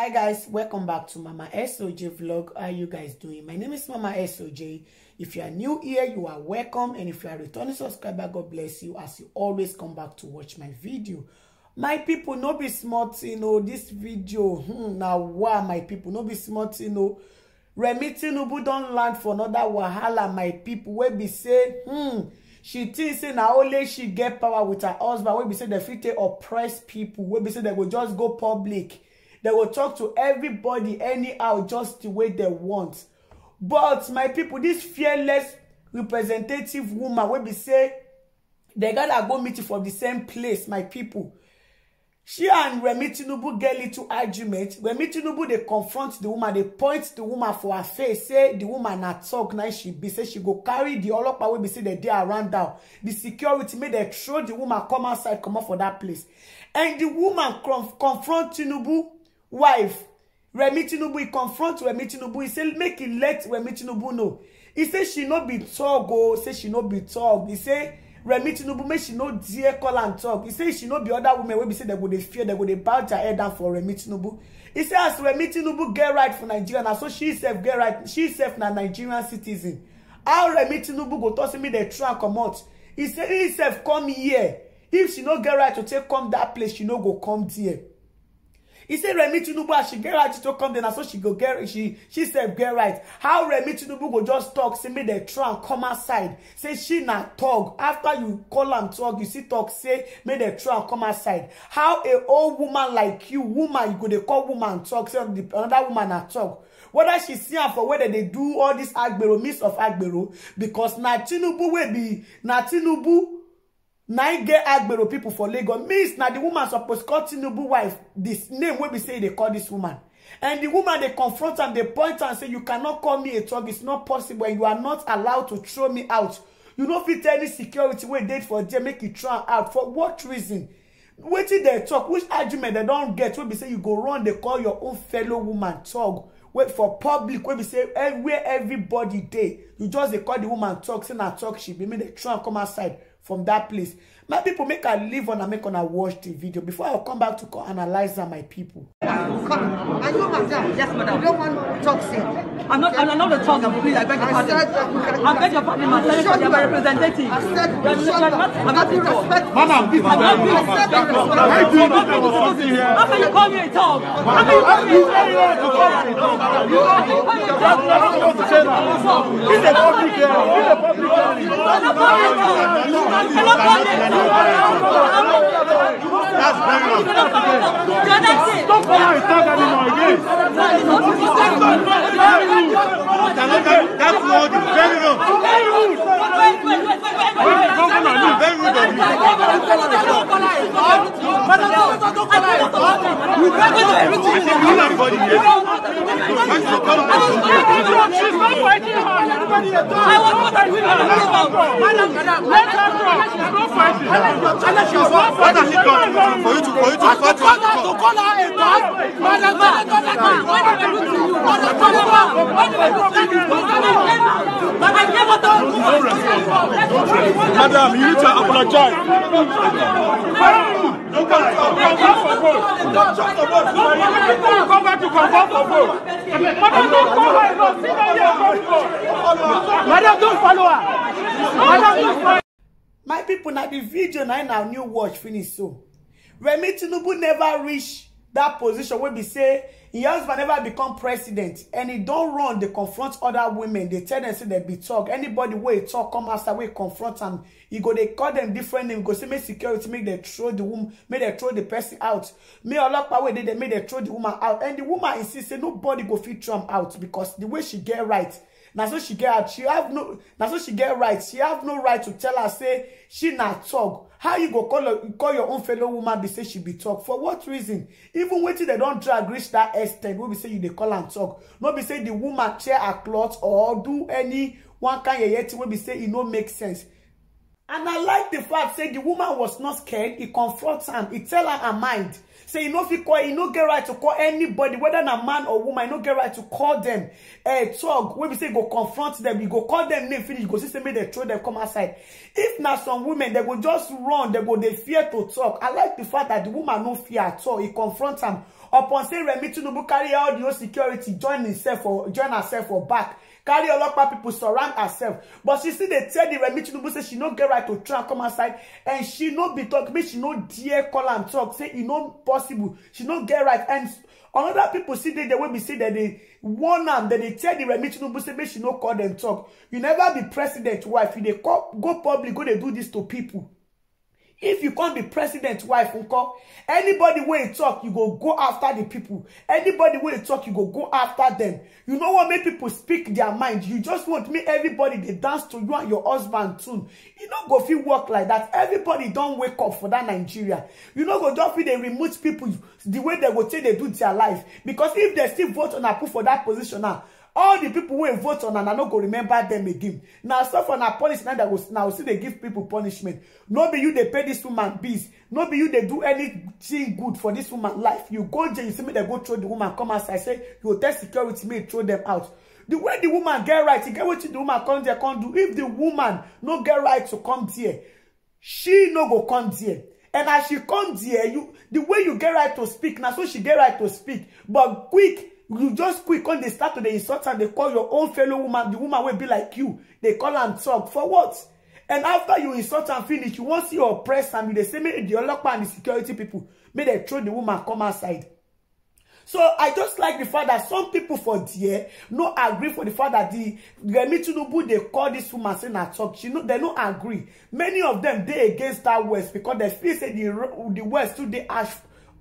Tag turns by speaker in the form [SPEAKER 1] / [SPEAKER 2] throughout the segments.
[SPEAKER 1] hi guys welcome back to mama soj vlog how are you guys doing my name is mama soj if you are new here you are welcome and if you are returning subscriber god bless you as you always come back to watch my video my people no be smart you oh, know this video hmm, now wow my people no be smart you oh. know Remi Tinubu don land for another wahala my people wey be say hmm, she think say na only she get power with her husband wey be say dem fit take oppress people wey be say dem go just go public They will talk to everybody anyhow, just the way they want. But my people, this fearless representative woman will be say dem gather go meeting from the same place my people she and remi tinubu get little argument remi tinubu They confront the woman They point the woman for her face say the woman not talk na she be say she go carry the all ọlọ́pàá wey be say dey dey around down the security make dem throw the woman come outside Come comot for that place and the woman conf confront tinubu wife remi tinubu he confront remi tinubu he say make he let remi tinubu know he say she no be talk Oh, say she no be talk he say remi tinubu make she no dare call and talk he say she no be other women wey be say dem go dey fear dem go dey bow their head down for remi tinubu he say as remi tinubu get right for nigeria na so she sef get right she sef na nigerian citizen how remi tinubu go talk say make dem throw am comot he say he sef come here if she no get right to take come that place she no go come there He said Remi Tinubu as she get right to come then so she go get she she said get right. How Remi Tinubu go just talk see me the tram come outside. Say she not talk. After you call and talk you see talk say me the tram come outside. How a old woman like you woman you go dey call woman talk say another woman not talk. Whether she see am for whether they do all this agbero mix of agbero because na Tinubu wey be na Tinubu na im get agbero pipo for lagos means na di woman suppose call tinubu wife dis name wey be say e dey call dis woman and di woman dey confront am dey point am say you cannot call me a thug it's not possible and you are not allowed to throw me out you no fit tell any security wey dey for there make you throw am out for what reason wetin dem talk which argument dem don get wey be say you go run dey call your own fellow woman thug wey for public wey be say eh, where everybody dey you just dey call the woman talk say na talk she be make dem throw am come outside from that place my people make i leave on and make on a watch the video before i come back to analyze am my pipo and you madam yes madam you don't want talk say i'm not i'm not the talk please i beg your pardon um, i beg your pardon madam you are my representative i said you i'm not being respectful madam please i'm not being respectful why do you not being respectful how can you call me a talk how can you call me a talk you are the one who It's a public hearing. It's a public hearing. That's very wrong. Don't come out and talk anymore again. That's what is very wrong. Very rude. Governor, no, very rude of you. Don't come out. Don't come out. I think you are body here. Madam, you Madam, you need to apologize confirm for vote. Don't chop the vote. No, no, Come back to confirm for vote. Madam, don't follow her. No, sit down here and confirm. Madam, don't follow her. Madam, don't follow My people, na the video na now new watch finish so. Remi Tinubu never reach That position wey be say im husband never become president and he don't run they confront other women dey tell dem say dem be talk anybody wey talk come outside wey confront am e go they call them different name go say make security make they throw the woman make they throw the person out make olopa wey dey they make they throw the woman out and the woman insist say nobody go fit Trump out because the way she get right na so she get she have no na so she get right she have no right to tell her say she na talk how you go call her, call your own fellow woman be say she be talk for what reason even wetin dem don drag reach that extent wey be say you dey call am talk no be say the woman tear her cloth or do any one kind yeye thing wey be say e no make sense and i like the fact say the woman was not scared e confront am e tell her her mind say you no fit call you no get right to call anybody whether na man or woman you no get right to call them. dem eh, talk wey be say you go confront them. you go call them name finish you go see say make dem throw them. come outside if na some women they go just run They go dey fear to talk i like the fact that the woman no fear at all He confront am upon saying Remi Tinubu carry all the security, join himself or join herself for back. Carry a lot of people surround herself. But she see they tell the Remi Tinubu say she no get right to try and come outside. And she no be talk, me she no dare call and talk. Say it e no possible. She no get right. And another people see they, they will be see that they warn am then they tell the Remi Tinubu say make she no call them talk. You never be president wife. You dey call go public, go they do this to people if you come be president wife nko anybody wey talk you go go after the people anybody wey talk you go go after them you no want make people speak their mind you just want make everybody dey dance to you and your husband tune. e no go fit work like that everybody don wake up for that nigeria you no go just fit dey remove people the way they go take dey do their life because if they still vote on approve for that position now ah, all the people wey vote on and i no go remember them again na so for na policy na now still dey give people punishment no be you dey pay this woman bills no be you dey do anything good for this woman life you go jail you say make dem go throw the woman come outside say you go tell security make throw them out The way the woman get right e get wetin the woman come there come do if the woman no get right to come there she no go come there and as she come there you the way you get right to speak na so she get right to speak but quick you just quick come they start to the insult and they call your own fellow woman the woman will be like you They call and talk for what and after you insult and finish you wan see your press, and you dey say make the ọlọ́pàá and the security people make they throw the woman come outside so i just like the fact that some people for there no agree for the fact that the Remi Tinubu they call this woman say na talk she no they no agree many of them they against that west because dem feel say the the west too dey ash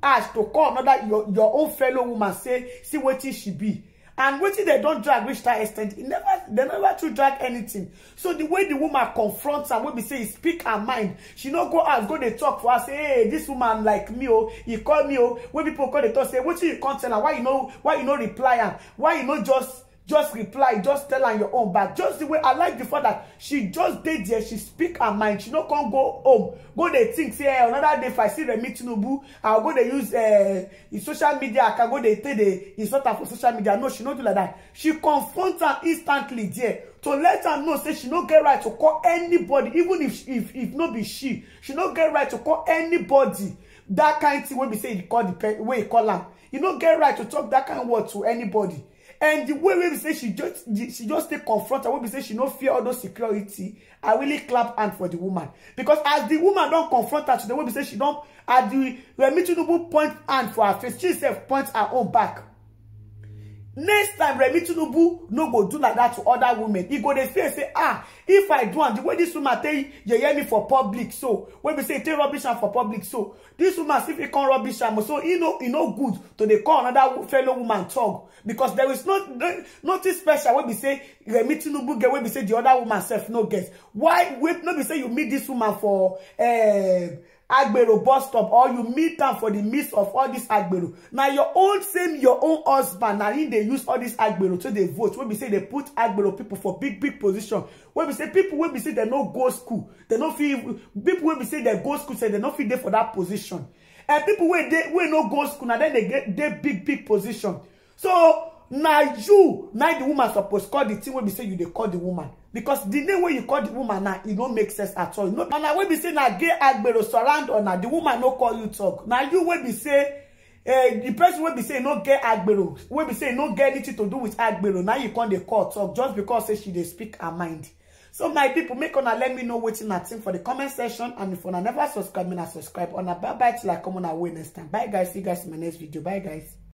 [SPEAKER 1] ash to call another your your own fellow woman say see what she be and wetin they don't drag reach that extent e never they never to drag anything so the way the woman confronts am wey be say speak her mind she no go out go dey talk for her say hey this woman like me oh, he call me oh. When people call the talk say what you come tell am why you no why you no reply am why you no just just reply just tell am your own But just the way i like the fact that she just dey there she speak her mind she no come go home go dey think say eh another day if i see remi tinubu i go dey use eh uh, social media I can go dey take dey insult am for social media no she no do like that she confront am instantly there to let am know say she no get right to call anybody even if if if no be she she no get right to call anybody that kind thing wey be say e call the pe wey e call am He no get right to talk that kind word to anybody and the way we say she just she just take confront her wey be say she no fear all those security i really clap hand for the woman because as the woman don't confront her the way we say she don at the remi tinubu point hand for her face she sef point her own back next time remi tinubu no go do like that to other women He go dey fear say ah if i do am the way this woman tell you hear me for public so when we say take rubbish am for public so this woman still fit come rubbish am so he e no good to dey call another fellow woman talk because there is no nothing special When we say remi tinubu get when we say the other woman self, no get why no we say you meet this woman for uh, agbero bus stop or you meet am for the midst of all this agbero na your own same your own husband na him dey use all this agbero to dey vote wey be say dey put agbero people for big big position wey be say people. wey be say dem no go school dem no fit people. wey be say dem go school say dem no fit dey for that position and pipo wey no go school na dem dey dey big big position so na you na the woman suppose call the thing wey be say you dey call the woman because the name wey you call the woman na e no make sense at all no na wey be say na gay agbero surround una the woman no call you talk na you wey be say eh the person wey be say e no get agbero wey be say e no get anything to do with agbero na you come dey call talk just because say she dey speak her mind so my people make una let me know wetin na think for the comment section and if una never subscribe me na subscribe una bye bye till i come una way next time bye guys see you guys in my next video bye guys.